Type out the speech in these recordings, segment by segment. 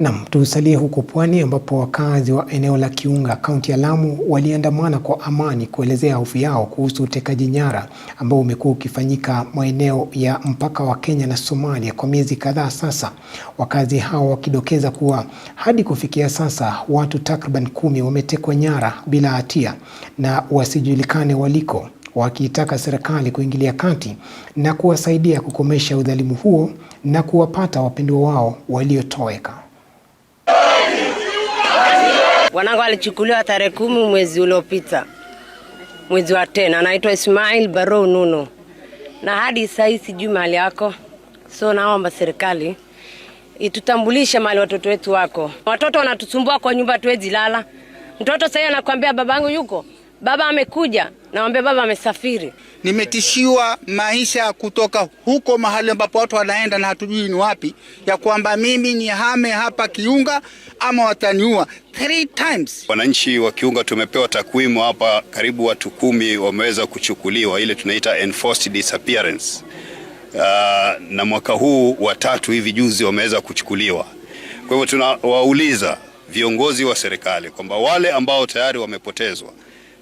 Naam, tusalie huko pwani ambapo wakazi wa eneo la Kiunga, kaunti ya Lamu waliandamana kwa amani kuelezea hofu yao kuhusu utekaji nyara ambao umekuwa ukifanyika maeneo ya mpaka wa Kenya na Somalia kwa miezi kadhaa sasa, wakazi hao wakidokeza kuwa hadi kufikia sasa watu takriban kumi wametekwa nyara bila hatia na wasijulikane waliko, wakiitaka serikali kuingilia kati na kuwasaidia kukomesha udhalimu huo na kuwapata wapendwa wao waliotoweka. Wanangu alichukuliwa tarehe kumi mwezi uliopita, mwezi wa tena. Anaitwa Ismail Barou Nuno, na hadi sahi sijui mahali yako, so naomba serikali itutambulishe mahali watoto wetu wako. Watoto wanatusumbua kwa nyumba, tuwezi lala. Mtoto sahii anakuambia babangu yuko, baba amekuja, nawambia baba amesafiri nimetishiwa maisha ya kutoka huko mahali ambapo watu wanaenda na hatujui ni wapi, ya kwamba mimi ni hame hapa Kiunga ama wataniua three times. Wananchi wa Kiunga tumepewa takwimu hapa, karibu watu kumi wameweza kuchukuliwa, ile tunaita enforced disappearance. Uh, na mwaka huu watatu hivi juzi wameweza kuchukuliwa. Kwa hivyo tunawauliza viongozi wa serikali kwamba wale ambao tayari wamepotezwa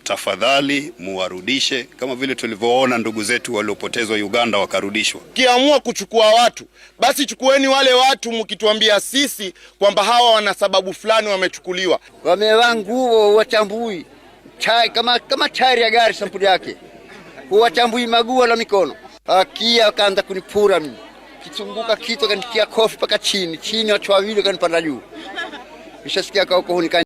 tafadhali muwarudishe, kama vile tulivyoona ndugu zetu waliopotezwa Uganda wakarudishwa. Kiamua kuchukua watu, basi chukueni wale watu, mkituambia sisi kwamba hawa wana sababu fulani wamechukuliwa. Wamevaa nguo wachambui chai, kama, kama chari ya gari sampuli yake huwachambui maguo la mikono. Akia akaanza kunipura mimi, kichunguka kitu akanikia kofi mpaka chini chini, watu wawili kanipanda juu, nishasikia kauko